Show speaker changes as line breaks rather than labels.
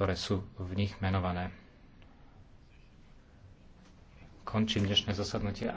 ktoré sú v nich menované. Končím dnešné zasadnutie.